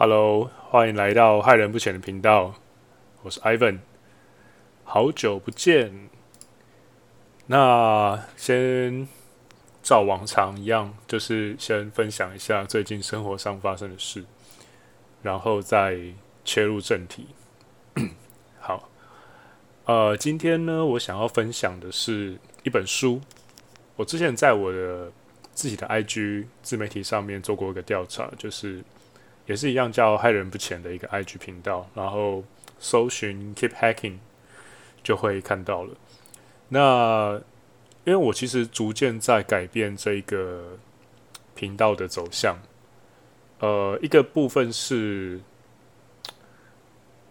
Hello，歡迎來到害人不淺的頻道，我是 Ivan，好久不見。那先照往常一樣，就是先分享一下最近生活上發生的事，然後再切入正題。 好，呃，今天呢，我想要分享的是一本書。我之前在我的自己的 IG 自媒體上面做過一個調查，就是。也是一樣，叫害人不淺的一個 IG 頻道，然後搜尋 Keep Hacking 就會看到了。那因為我其實逐漸在改變這個頻道的走向，呃，一個部分是，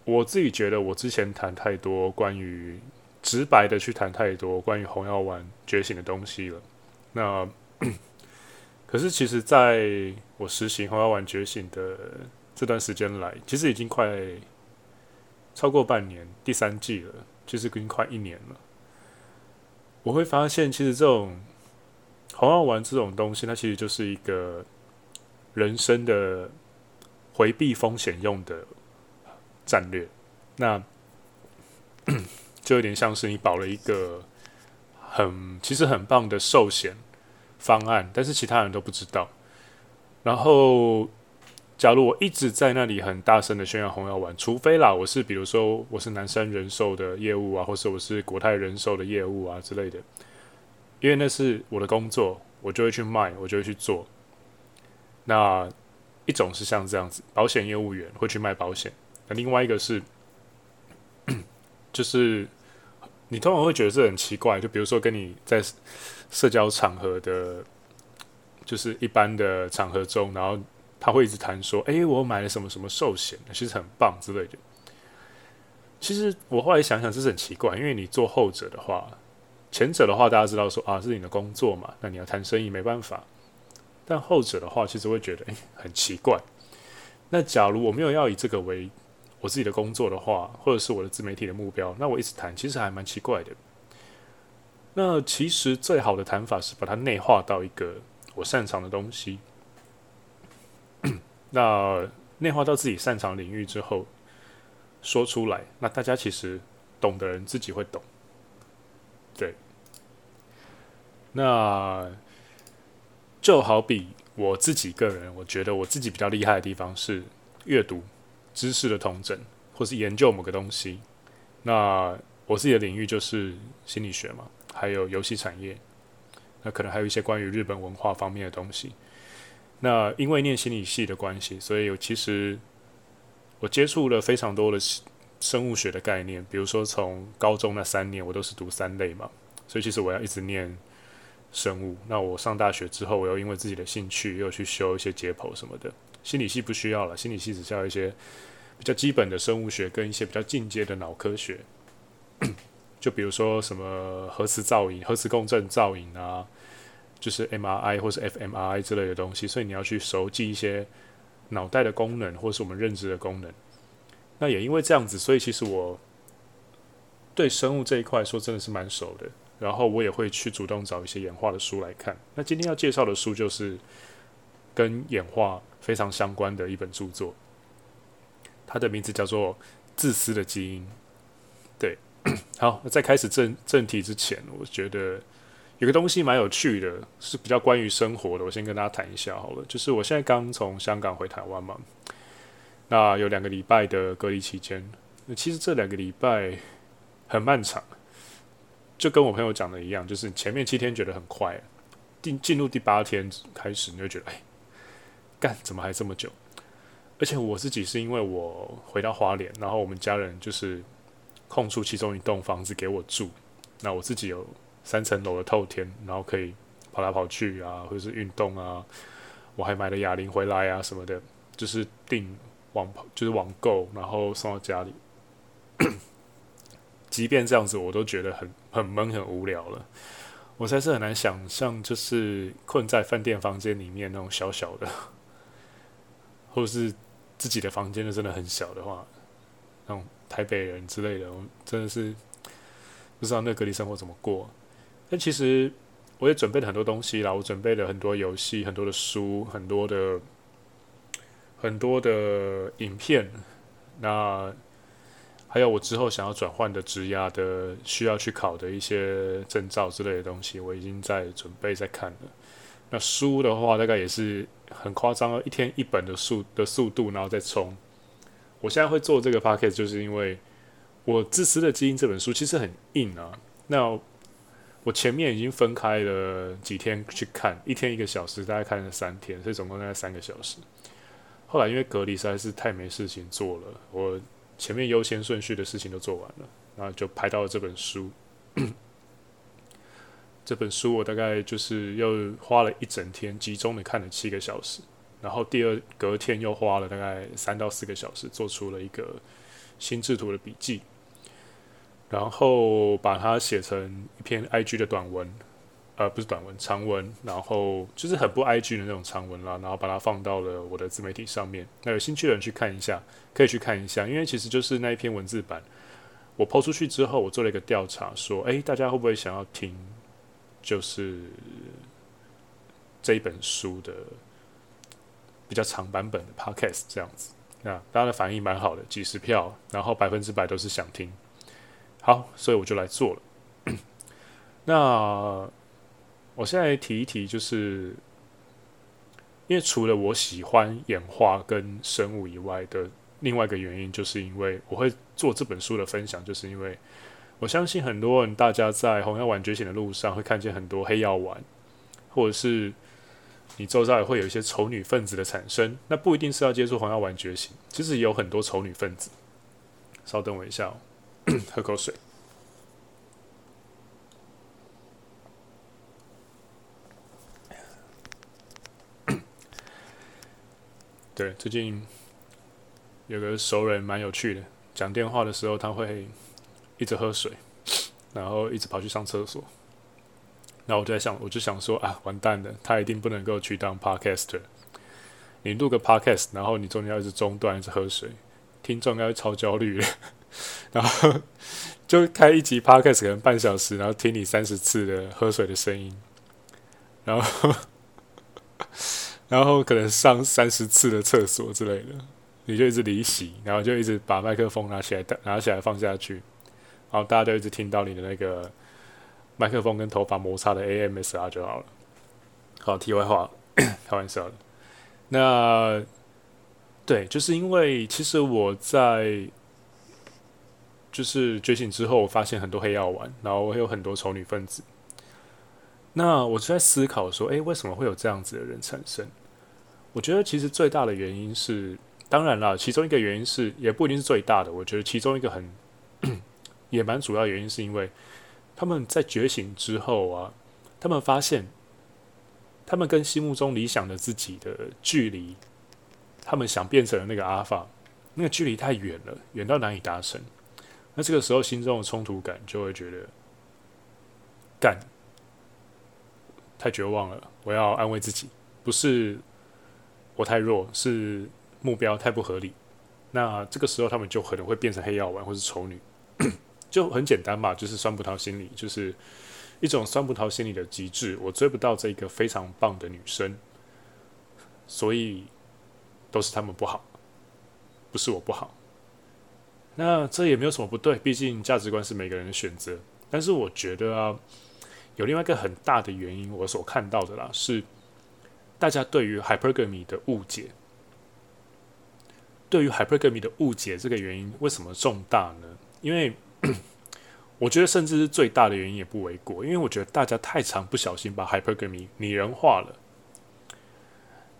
我自己覺得我之前談太多關於直白的去談太多關於紅藥丸覺醒的東西了。那可是，其實，在我實行紅藥丸覺醒的這段時間來，其實已經快超過半年，第三季了，其實已經快一年了。我會發現，其實這種紅藥丸這種東西，它其實就是一個人生的回避風險用的戰略。那就有點像是你保了一個很，其實很棒的壽險。方案，但是其他人都不知道。然後，假如我一直在那裡很大聲的宣揚紅藥丸，除非啦，我是比如說我是南山人壽的業務啊，或是我是國泰人壽的業務啊之類的，因為那是我的工作，我就會去賣，我就會去做。那一種是像這樣子，保險業務員會去賣保險；那另外一個是，就是。你通常會覺得這很奇怪，就比如說跟你在社交場合的，就是一般的場合中，然後他會一直談說：“誒，我買了什麼什麼壽險，其實很棒之類的。”其實我後來想想，這是很奇怪，因為你做後者的話，前者的話大家知道說啊，是你的工作嘛，那你要談生意沒辦法。但後者的話，其實會覺得誒很奇怪。那假如我沒有要以這個為我自己的工作的話，或者是我的自媒體的目標，那我一直談，其實還蠻奇怪的。那其實最好的談法是把它內化到一個我擅長的東西。 那內化到自己擅長的領域之後，說出來，那大家其實懂的人自己會懂。對。那就好比我自己個人，我覺得我自己比較厲害的地方是閱讀。知識的統整，或是研究某個東西。那我自己的領域就是心理學嘛，還有遊戲產業。那可能還有一些關於日本文化方面的東西。那因為念心理系的關係，所以其實我接觸了非常多的生物學的概念。比如說，從高中那三年我都是讀三類嘛，所以其實我要一直念生物。那我上大學之後，我又因為自己的興趣，又去修一些解剖什麼的。心理系不需要了，心理系只需要一些比較基本的生物學跟一些比較進階的腦科學， 就比如說什麼核磁造影、核磁共振造影啊，就是 MRI 或是 fMRI 之類的東西。所以你要去熟記一些腦袋的功能，或是我們認知的功能。那也因為這樣子，所以其實我對生物這一塊說真的是蠻熟的。然後我也會去主動找一些演化的書來看。那今天要介紹的書就是。跟演化非常相關的一本著作，它的名字叫做《自私的基因》。對， 好，那在開始正正題之前，我覺得有個東西蠻有趣的，是比較關於生活的。我先跟大家談一下好了。就是我現在剛從香港回台灣嘛，那有兩個禮拜的隔離期間，那其實這兩個禮拜很漫長。就跟我朋友講的一樣，就是前面七天覺得很快，進進入第八天開始，你就覺得哎。幹怎麼還這麼久？而且我自己是因為我回到花蓮，然後我們家人就是空出其中一棟房子給我住。那我自己有三層樓的透天，然後可以跑來跑去啊，或者是運動啊。我還買了啞鈴回來啊，什麼的，就是訂網，就是網購，然後送到家裡。 即便這樣子，我都覺得很很悶很無聊了。我才是很難想象，就是困在飯店房間裡面那種小小的。或是自己的房間真的很小的話，那種台北人之類的，我真的是不知道那個隔離生活怎麼過。但其實我也準備了很多東西啦，我準備了很多遊戲、很多的書、很多的、很多的影片。那還有我之後想要轉換的職涯的需要去考的一些證照之類的東西，我已經在準備，在看了。那書的話，大概也是很誇張，一天一本的速的速度，然後再衝。我現在會做這個 podcast，就是因為我《自私的基因》這本書其實很硬啊。那我，我前面已經分開了幾天去看，一天一個小時，大概看了三天，所以總共大概三個小時。後來因為隔離實在是太沒事情做了，我前面優先順序的事情都做完了，然後就排到了這本書。 這本書我大概就是又花了一整天，集中的看了七個小時，然後第二隔天又花了大概三到四個小時，做出了一個心智圖的筆記，然後把它寫成一篇 IG 的短文，呃，不是短文，長文，然後就是很不 IG 的那種長文啦，然後把它放到了我的自媒體上面。那有興趣的人去看一下，可以去看一下，因為其實就是那一篇文字版，我 po 出去之後，我做了一個調查，說，哎，大家會不會想要聽？就是這本書的比較長版本的 Podcast 這樣子啊，那大家的反應蠻好的，幾十票，然後百分之百都是想聽。好，所以我就來做了。 那我現在提一提，就是因為除了我喜歡演化跟生物以外的另外一個原因，就是因為我會做這本書的分享，就是因為。我相信，很多人，大家在紅藥丸覺醒的路上會看見很多黑藥丸，或者是你周遭也會有一些仇女分子的產生。那不一定是要接觸紅藥丸覺醒，其實也有很多仇女分子。稍等我一下哦， 喝口水。 對，最近有個熟人蠻有趣的，講電話的時候他會。一直喝水，然後一直跑去上廁所，然後我就在想，我就想說啊，完蛋了，他一定不能夠去當 podcaster。你錄個 podcast，然後你中間要一直中斷，一直喝水，聽眾要超焦慮的。然後就開一集 podcast 可能半小時，然後聽你三十次的喝水的聲音，然後然後可能上三十次的廁所之類的，你就一直離席，然後就一直把麥克風拿起來，拿起來放下去。好，大家都一直聽到你的那個麥克風跟頭髮摩擦的 AMSR 就好了。好，題外話， 開玩笑的。那對，就是因為其實我在就是覺醒之後，我發現很多黑藥丸，然後我有很多仇女分子。那我就在思考說，哎、欸，為什麼會有這樣子的人產生？我覺得其實最大的原因是，當然了，其中一個原因是也不一定是最大的。我覺得其中一個很。也蠻主要原因是因為他們在覺醒之後啊，他們發現他們跟心目中理想的自己的距離，他們想變成的那個阿爾法，那個距離太遠了，遠到難以達成。那這個時候心中的衝突感就會覺得，幹太絕望了，我要安慰自己，不是我太弱，是目標太不合理。那這個時候他們就可能會變成黑藥丸或是醜女。 就很簡單吧，就是酸葡萄心理，就是一種酸葡萄心理的機制。我追不到這一個非常棒的女生，所以都是他們不好，不是我不好。那這也沒有什麼不對，畢竟價值觀是每個人的選擇。但是我覺得啊，有另外一個很大的原因，我所看到的啦，是大家對於 hypergamy 的誤解。對於 hypergamy 的誤解，這個原因為什麼重大呢？因為 我覺得甚至是最大的原因也不為過，因為我覺得大家太常不小心把 hypergamy 擬人化了。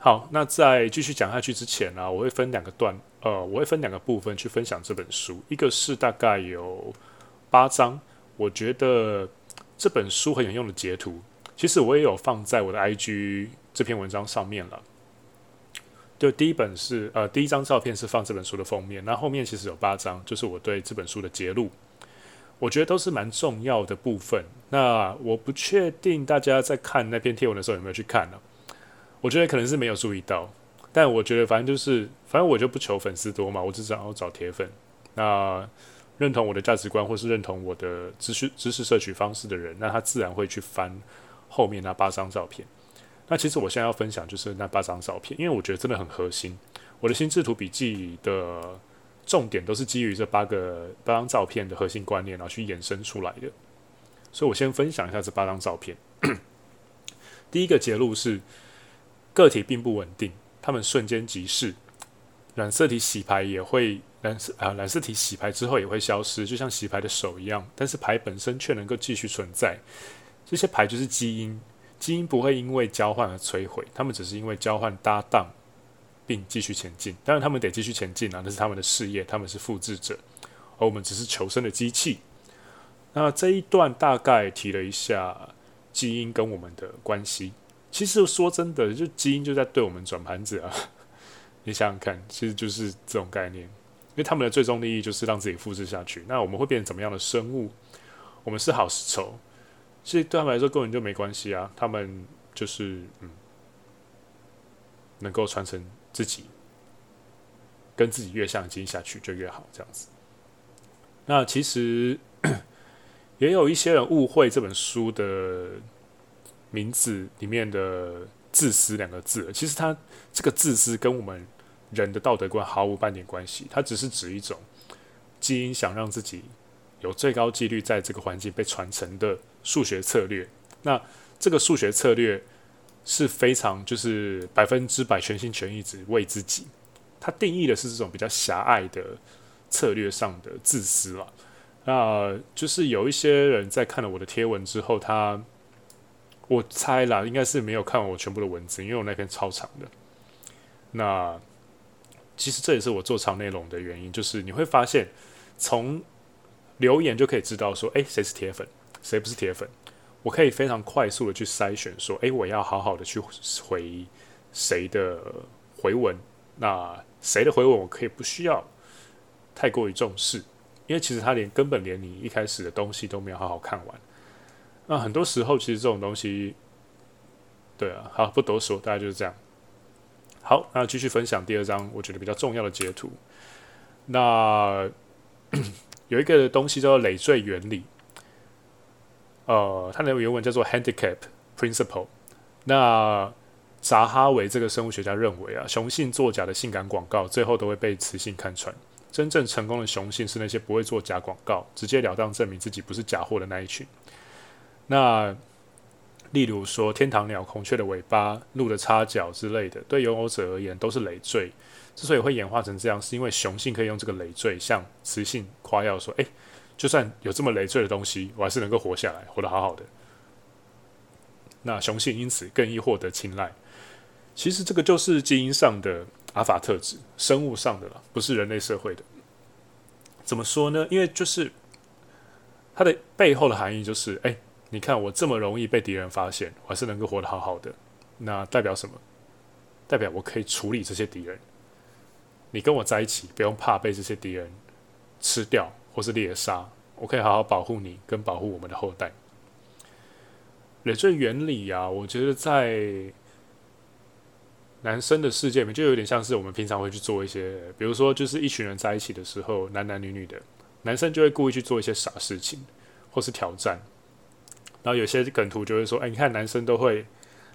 好，那在繼續講下去之前呢，啊，我會分兩個段，呃，我會分兩個部分去分享這本書。一個是大概有八張，我覺得這本書很有用的截圖，其實我也有放在我的 IG 這篇文章上面了。就第一本是呃，第一張照片是放這本書的封面，那後，後面其實有八張，就是我對這本書的節錄。我覺得都是蠻重要的部分。那我不確定大家在看那篇貼文的時候有沒有去看呢、啊？我覺得可能是沒有注意到。但我覺得反正就是，反正我就不求粉絲多嘛，我只想要找鐵粉。那認同我的價值觀或是認同我的知識、知識攝取方式的人，那他自然會去翻後面那八張照片。那其實我現在要分享就是那八張照片，因為我覺得真的很核心。我的心智圖筆記的。重點都是基於這八個八張照片的核心觀念，然後去衍生出來的。所以我先分享一下這八張照片。 第一個結論是，個體並不穩定，他們瞬間即逝。染色體洗牌也會染色啊，染色體洗牌之後也會消失，就像洗牌的手一樣。但是牌本身卻能夠繼續存在。這些牌就是基因，基因不會因為交換而摧毀，他們只是因為交換搭檔。並繼續前進，當然他們得繼續前進啊，那是他們的事業，他們是複制者，而我們只是求生的機器。那這一段大概提了一下基因跟我們的關係。其實說真的，就基因就在對我們轉盤子啊。你想想看，其實就是這種概念，因為他們的最終利益就是讓自己複制下去。那我們會變成怎麼樣的生物？我們是好是醜，其實對他們來說根本就沒關係啊。他們就是嗯，能夠傳承。自己跟自己越像，基因下去就越好，這樣子。那其實也有一些人誤會這本書的名字裡面的“自私”兩個字。其實它這個“自私”跟我們人的道德觀毫無半點關係，它只是指一種基因想讓自己有最高幾率在這個環境被傳承的數學策略。那這個數學策略。是非常就是百分之百全心全意只為自己，他定義的是這種比較狹隘的策略上的自私啦。那、呃、就是有一些人在看了我的貼文之後，他我猜啦，應該是沒有看我全部的文字，因為我那篇超長的。那其實這也是我做長內容的原因，就是你會發現從留言就可以知道說，誒、欸，誰是鐵粉，誰不是鐵粉。我可以非常快速的去篩選，說，哎、欸，我要好好的去回誰的回文，那誰的回文我可以不需要太過於重視，因為其實他連根本連你一開始的東西都沒有好好看完。那很多時候，其實這種東西，對啊，好，不多說，大家就是這樣。好，那繼續分享第二章，我覺得比較重要的截圖。那 有一個東西叫做累贅原理。呃，它的原文叫做 handicap principle。那扎哈維這個生物學家認為啊，雄性作假的性感廣告，最後都會被雌性看穿。真正成功的雄性是那些不會做假廣告、直截了當證明自己不是假貨的那一群。那例如說，天堂鳥、孔雀的尾巴、鹿的叉角之類的，對擁有者而言都是累贅。之所以會演化成這樣，是因為雄性可以用這個累贅向雌性誇耀說：“哎、欸。”就算有這麼累贅的東西，我還是能夠活下來，活得好好的。那雄性因此更易獲得青睞。其實這個就是基因上的阿法特質，生物上的了，不是人類社會的。怎麼說呢？因為就是它的背後的含義就是：哎、欸，你看我這麼容易被敵人發現，我還是能夠活得好好的。那代表什麼？代表我可以處理這些敵人。你跟我在一起，不用怕被這些敵人吃掉。或是獵殺，我可以好好保護你，跟保護我們的後代。累贅原理啊，我覺得在男生的世界裡面，就有點像是我們平常會去做一些，比如說就是一群人在一起的時候，男男女女的男生就會故意去做一些傻事情，或是挑戰。然後有些梗圖就會說：“哎，你看男生都會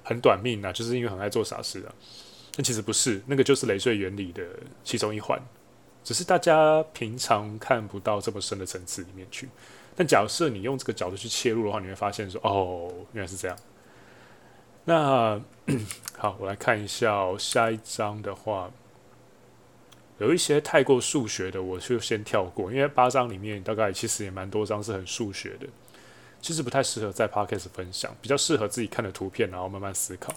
很短命啊，就是因為很愛做傻事啊。”但其實不是，那個就是累贅原理的其中一環。只是大家平常看不到這麼深的層次裡面去，但假設你用這個角度去切入的話，你會發現說哦，原來是這樣。那好，我來看一下、哦、下一章的話，有一些太過數學的，我就先跳過，因為八章裡面大概其實也蠻多章是很數學的，其實不太適合在 Podcast 分享，比較適合自己看的圖片，然後慢慢思考。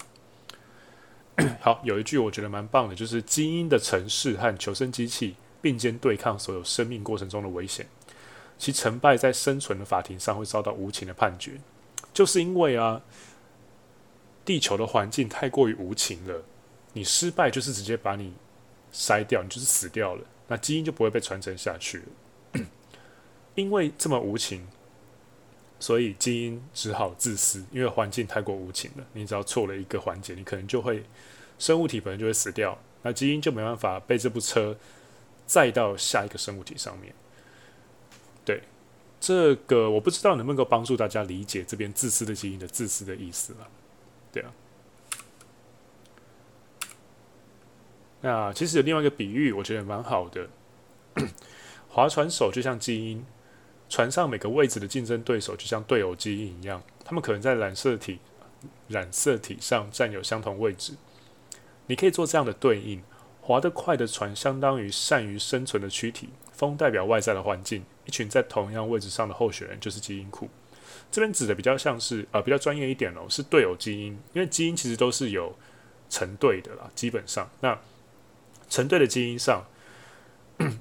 好，有一句我覺得蠻棒的，就是“基因的程式和求生機器”。並肩對抗所有生命過程中的危險，其成敗在生存的法庭上會遭到無情的判決。就是因為啊，地球的環境太過於無情了，你失敗就是直接把你篩掉，你就是死掉了，那基因就不會被傳承下去。因為這麼無情，所以基因只好自私，因為環境太過無情了。你只要錯了一個環節，你可能就會生物體本身就會死掉，那基因就沒辦法被這部車。再到下一個生物體上面，對這個我不知道能不能夠幫助大家理解這邊自私的基因的自私的意思嗎？對啊。那其實有另外一個比喻，我覺得蠻好的。 划船手，就像基因，船上每個位置的競爭對手就像隊友基因一樣，他們可能在染色體染色體上占有相同位置。你可以做這樣的對應。划得快的船相當於善於生存的軀體，風代表外在的環境。一群在同樣位置上的候選人就是基因庫。這邊指的比較像是，呃，比較專業一點哦，是對偶基因。因為基因其實都是有成對的啦，基本上，那成對的基因上，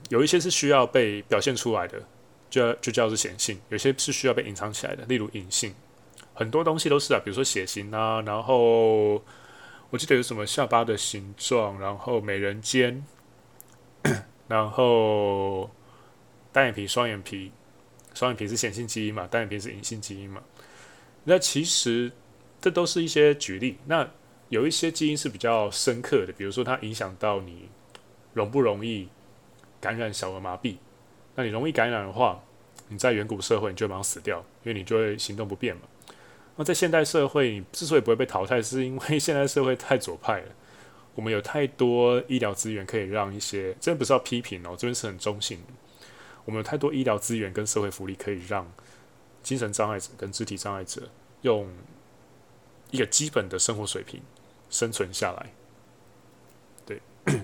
有一些是需要被表現出來的，就就叫做顯性，有些是需要被隱藏起來的，例如隱性。很多東西都是啊，比如說血型啊，然後。我記得有什麼下巴的形狀，然後美人尖，然後單眼皮、雙眼皮，雙眼皮是顯性基因嘛，單眼皮是隱性基因嘛？那其實這都是一些舉例。那有一些基因是比較深刻的，比如說它影響到你容不容易感染小兒麻痹。那你容易感染的話，你在遠古社會你就會馬上死掉，因為你就會行動不便嘛。那在現代社會，你之所以不會被淘汰，是因為現代社會太左派了。我們有太多醫療資源可以讓一些，真的不是要批評哦，這邊是很中性的。我們有太多醫療資源跟社會福利可以讓精神障礙者跟肢體障礙者用一個基本的生活水平生存下來。對，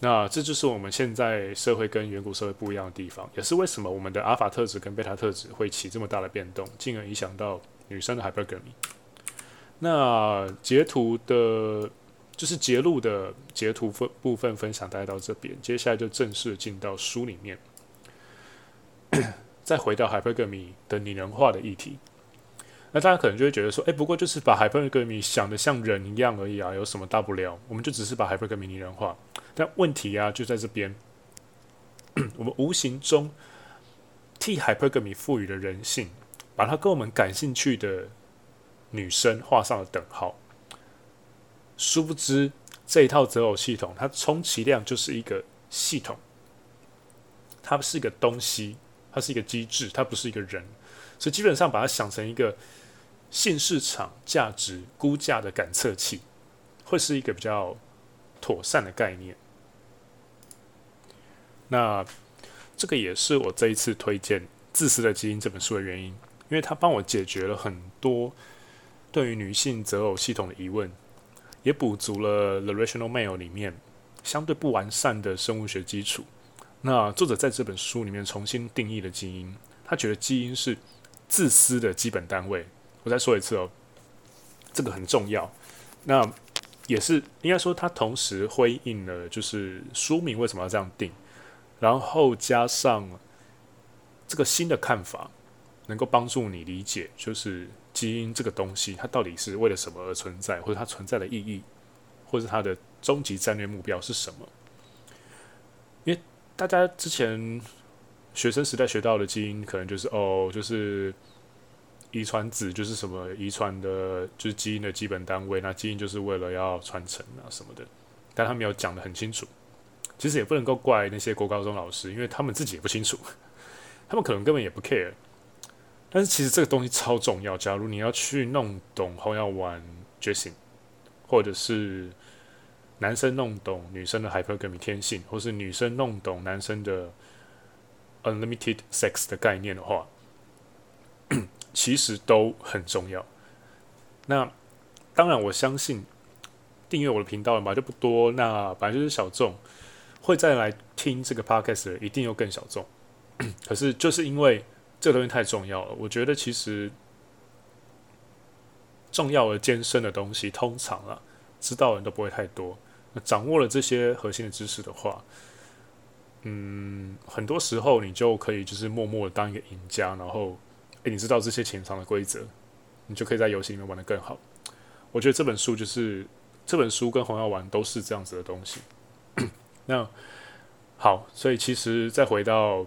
那這就是我們現在社會跟遠古社會不一樣的地方，也是為什麼我們的阿法特質跟貝塔特質會起這麼大的變動，進而影響到。女生的 hypergamy 那截圖的，就是截錄的截圖分部分分享，帶到這邊，接下來就正式進到書裡面， 再回到 hypergamy 的擬人化的議題。那大家可能就會覺得說，哎、欸，不過就是把 hypergamy 想得像人一樣而已啊，有什麼大不了？我們就只是把 hypergamy 擬人化，但問題啊就在這邊， 我們無形中替 hypergamy 賦予了人性。把它跟我們感興趣的女生畫上了等號，殊不知這一套擇偶系統，它充其量就是一個系統，它不是一個東西，它是一個機制，它不是一個人，所以基本上把它想成一個性市場價值估價的感測器，會是一個比較妥善的概念。那這個也是我這一次推薦《自私的基因》這本書的原因。因為他幫我解決了很多對於女性擇偶系統的疑問，也補足了《The Rational Male》裡面相對不完善的生物學基礎。那作者在這本書裡面重新定義了基因，他覺得基因是自私的基本單位。我再說一次哦，這個很重要。那也是應該說，他同時回應了就是書名為什麼要這樣定，然後加上這個新的看法。能夠幫助你理解，就是基因這個東西，它到底是為了什麼而存在，或者它存在的意義，或者它的終極戰略目標是什麼？因為大家之前學生時代學到的基因，可能就是哦，就是遺傳子，就是什麼遺傳的，就是基因的基本單位。那基因就是為了要傳承啊什麼的，但他沒有講得很清楚。其實也不能夠怪那些國高中老師，因為他們自己也不清楚，他們可能根本也不 care。但是其實這個東西超重要。假如你要去弄懂或要玩覺醒，或者是男生弄懂女生的 hypergamy 天性，或是女生弄懂男生的 unlimited sex 的概念的話，其實都很重要。那當然，我相信訂閱我的頻道嘛就不多，那反正就是小眾，會再來聽這個 podcast 的一定又更小眾。可是就是因為這個東西太重要了，我覺得其實重要而艱深的東西，通常啊，知道的人都不會太多。掌握了這些核心的知識的話，嗯，很多時候你就可以就是默默的當一個贏家。然後，誒，你知道這些潛藏的規則，你就可以在遊戲裡面玩得更好。我覺得這本書就是這本書跟紅藥丸都是這樣子的東西。 那好，所以其實再回到。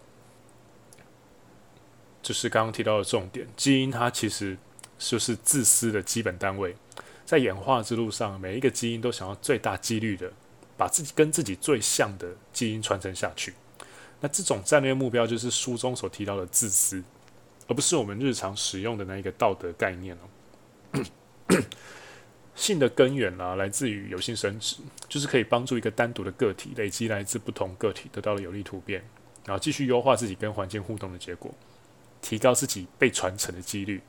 就是剛剛提到的重點，基因它其實就是自私的基本單位，在演化之路上，每一個基因都想要最大幾率的把自己跟自己最像的基因傳承下去。那這種戰略目標就是書中所提到的自私，而不是我們日常使用的那一個道德概念哦。 性的根源呢、啊，來自於有性生殖，就是可以幫助一個單獨的個體累積來自不同個體得到了有利突變，然後繼續優化自己跟環境互動的結果。提高自己被傳承的幾率。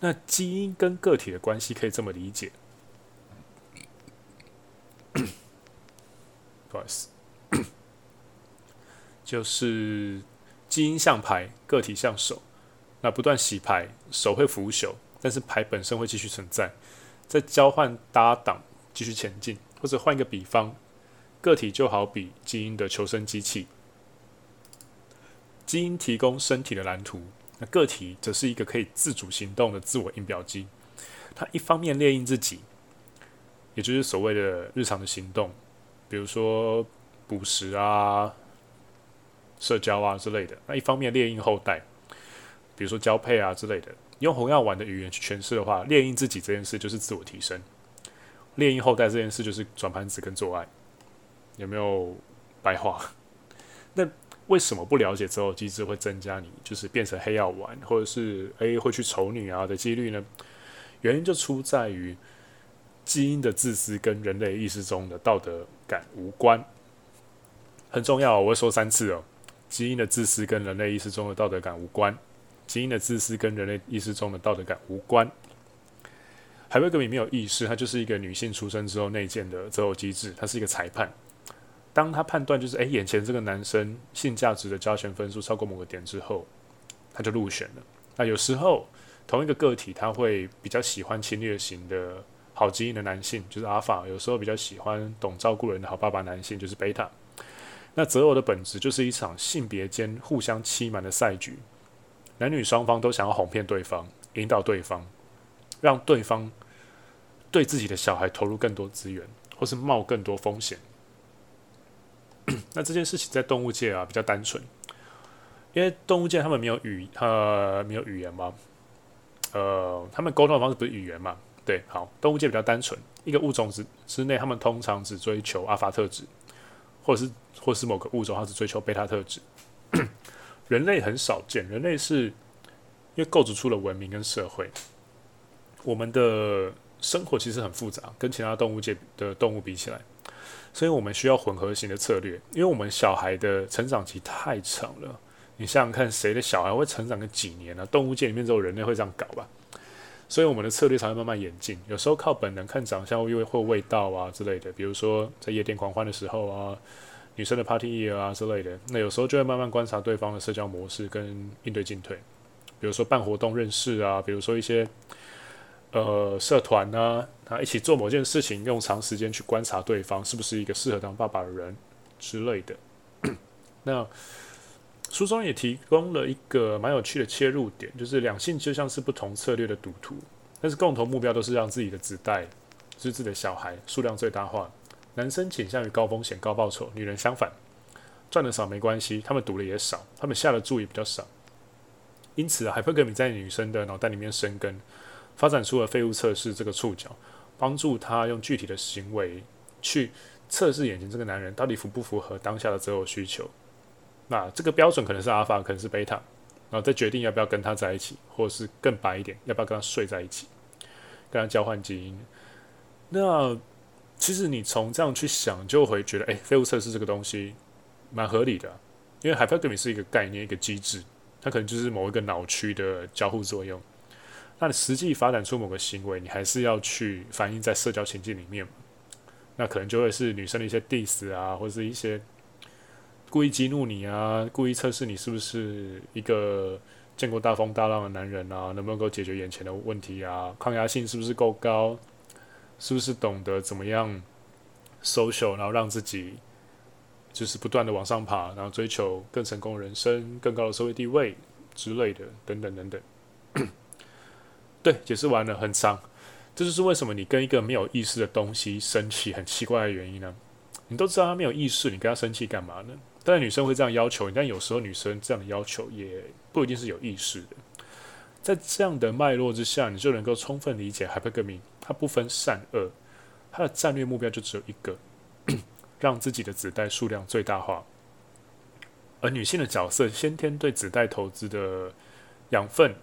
那基因跟個體的關係可以這麼理解： 不好意思， 就是基因像牌，個體像手。那不斷洗牌，手會腐朽，但是牌本身會繼續存在，再交換搭檔，繼續前進。或者換一個比方，個體就好比基因的求生機器，基因提供身體的藍圖。那個體則是一個可以自主行動的自我印表機，它一方面列印自己，也就是所謂的日常的行動，比如說捕食啊、社交啊之類的；那一方面列印後代，比如說交配啊之類的。用紅藥丸的語言去詮釋的話，列印自己這件事就是自我提升，列印後代這件事就是轉盤子跟做愛，有沒有白話？那。為什麼不了解擇偶機制會增加你，就是變成黑藥丸，或者是 A 會去醜女啊的幾率呢？原因就出在於基因的自私跟人類意識中的道德感無關。很重要哦，我會說三次哦。基因的自私跟人類意識中的道德感無關。基因的自私跟人類意識中的道德感無關。Hypergamy 沒有意識，他就是一個女性出生之後內建的擇偶機制，他是一個裁判。當他判斷就是，哎、欸，眼前這個男生性價值的加權分數超過某個點之後，他就入選了。那有時候同一個個體他會比較喜歡侵略型的好基因的男性，就是阿爾法；有時候比較喜歡懂照顧人的好爸爸男性，就是貝塔。那擇偶的本質就是一場性別間互相欺瞞的賽局，男女雙方都想要哄騙對方，引導對方，讓對方對自己的小孩投入更多資源，或是冒更多風險。那這件事情在動物界啊比較單純，因為動物界他們沒有語呃沒有語言嘛，呃他們溝通的方式不是語言嘛？對，好，動物界比較單純，一個物種之之內，他們通常只追求阿法特質，或者是或者是某個物種，它只追求貝塔特質。 人類很少見，人類是因為構築出了文明跟社會，我們的生活其實很複雜，跟其他動物界的動物比起來。所以我們需要混合型的策略，因為我們小孩的成長期太長了。你想想看，誰的小孩會成長個幾年呢？啊。動物界裡面只有人類會這樣搞吧。所以我們的策略才會慢慢演進，有時候靠本能看長相，因為會有味道啊之類的。比如說在夜店狂歡的時候啊，女生的 party year 啊之類的，那有時候就會慢慢觀察對方的社交模式跟應對進退。比如說辦活動認識啊，比如說一些。呃，社團呢、啊啊，一起做某件事情，用長時間去觀察對方是不是一個適合當爸爸的人之類的。 那書中也提供了一個蠻有趣的切入點，就是兩性就像是不同策略的賭徒，但是共同目標都是讓自己的子代、自己的小孩數量最大化。男生傾向於高風險高報酬，女人相反，賺的少沒關係，他們賭的也少，他們下的注也比較少。因此、啊，還會跟你在女生的腦袋裡面生根。發展出了廢物測試這個觸角，幫助他用具體的行為去測試眼前這個男人到底符不符合當下的擇偶需求。那這個標準可能是阿爾法，可能是貝塔，然後再決定要不要跟他在一起，或者是更白一點，要不要跟他睡在一起，跟他交換基因。那其實你從這樣去想，就會覺得，哎、欸，廢物測試這個東西蠻合理的，啊，因為 Hypergamy 是一個概念，一個機制，它可能就是某一個腦區的交互作用。那你實際發展出某個行為，你還是要去反映在社交情境裡面。那可能就會是女生的一些 diss 啊，或者是一些故意激怒你啊，故意測試你是不是一個見過大風大浪的男人啊，能不能夠解決眼前的問題啊，抗壓性是不是夠高，是不是懂得怎麼樣 social，然後讓自己就是不斷的往上爬，然後追求更成功的人生、更高的社會地位之類的，等等等等。 對，解釋完了，很髒。這就是為什麼你跟一個沒有意識的東西生氣很奇怪的原因呢？你都知道他沒有意識，你跟他生氣幹嘛呢？當然，女生會這樣要求你，但有時候女生這樣的要求也不一定是有意識的。在這樣的脈絡之下，你就能夠充分理解 hypergamy，它不分善惡，它的戰略目標就只有一個，讓自己的子代數量最大化。而女性的角色，先天對子代投資的養分。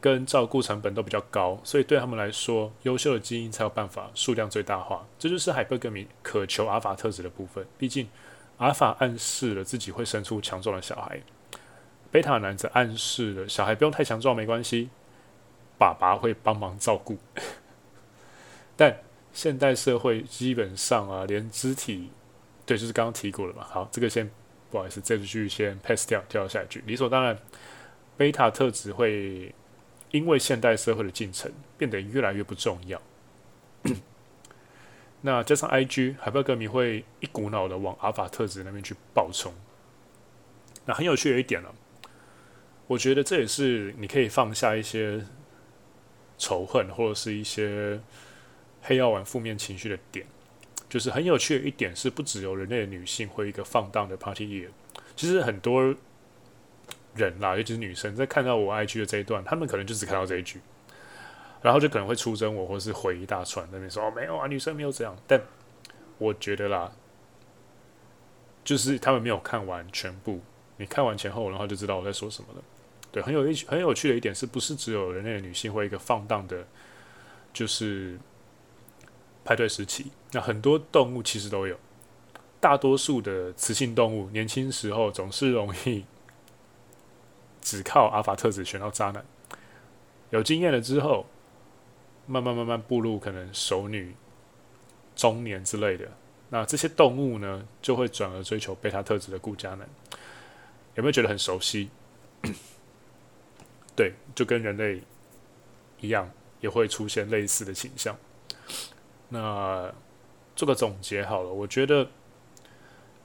跟照顧成本都比較高，所以對他們來說，優秀的基因才有辦法數量最大化。這就是海貝格米渴求阿爾法特質的部分。畢竟，阿爾法暗示了自己會生出強壯的小孩，貝塔男子暗示了小孩不用太強壯，沒關係，爸爸會幫忙照顧。 但現代社會基本上啊，連肢體，對，就是剛剛提過了嘛。好，這個先，不好意思，這句先 pass 掉，跳到下一句。理所當然，貝塔特質會。因為現代社會的進程變得越來越不重要， 那加上 IG 海豹歌迷會一股腦的往 Alpha 特質那邊去爆衝。那很有趣的一點呢、啊，我覺得這也是你可以放下一些仇恨或者是一些黑藥丸負面情緒的點。就是很有趣的一點是，不只有人類的女性會一個放蕩的 Party 夜。其實很多。人啦，尤其是女生，在看到我 IG 的這一段，她們可能就只看到這一句，然後就可能會出征我，或是回一大串那邊說哦，沒有啊，女生沒有這樣。但我覺得啦，就是他們沒有看完全部，你看完前後，然後就知道我在說什麼了。對，很有趣，很有趣的一點是，是不是只有人類的女性會一個放蕩的，就是派對時期？那很多動物其實都有，大多數的雌性動物年輕時候總是容易。只靠阿法特質選到渣男，有經驗了之後，慢慢慢慢步入可能熟女、中年之類的，那這些動物呢，就會轉而追求貝塔特質的顧家男，有沒有覺得很熟悉？ 對，就跟人類一樣，也會出現類似的傾向。那做個總結好了，我覺得，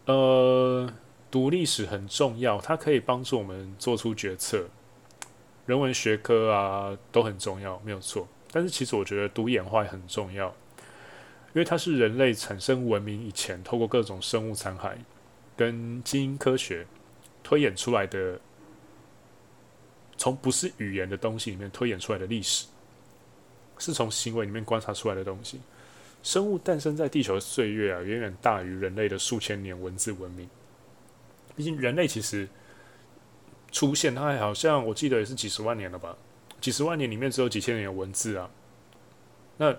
呃。讀歷史很重要，它可以幫助我們做出決策。人文學科啊都很重要，沒有錯。但是其實我覺得讀演化也很重要，因為它是人類產生文明以前，透過各種生物殘骸跟基因科學推演出來的。從不是語言的東西裡面推演出來的歷史，是從行為裡面觀察出來的東西。生物誕生在地球的歲月啊，遠遠大於人類的數千年文字文明。畢竟人類其實出現，他還好像我記得也是幾十萬年了吧？幾十萬年裡面只有幾千年有文字啊。那，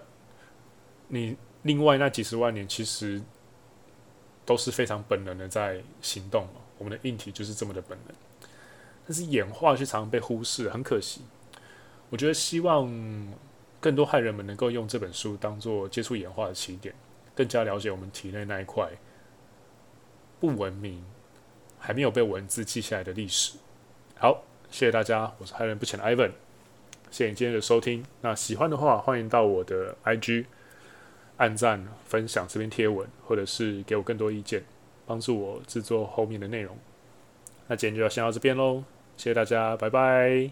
你另外那幾十萬年其實都是非常本能的在行動，我們的硬體就是這麼的本能，但是演化卻常常被忽視，很可惜。我覺得希望更多漢人們能夠用這本書當做接觸演化的起點，更加了解我們體內那一塊不文明，還沒有被文字記下來的歷史。好，謝謝大家，我是害人不淺的 Ivan，謝謝你今天的收聽。那喜歡的話，歡迎到我的 IG 按讚、分享這篇貼文，或者是給我更多意見，幫助我製作後面的內容。那今天就要先到這邊嘍，謝謝大家，拜拜。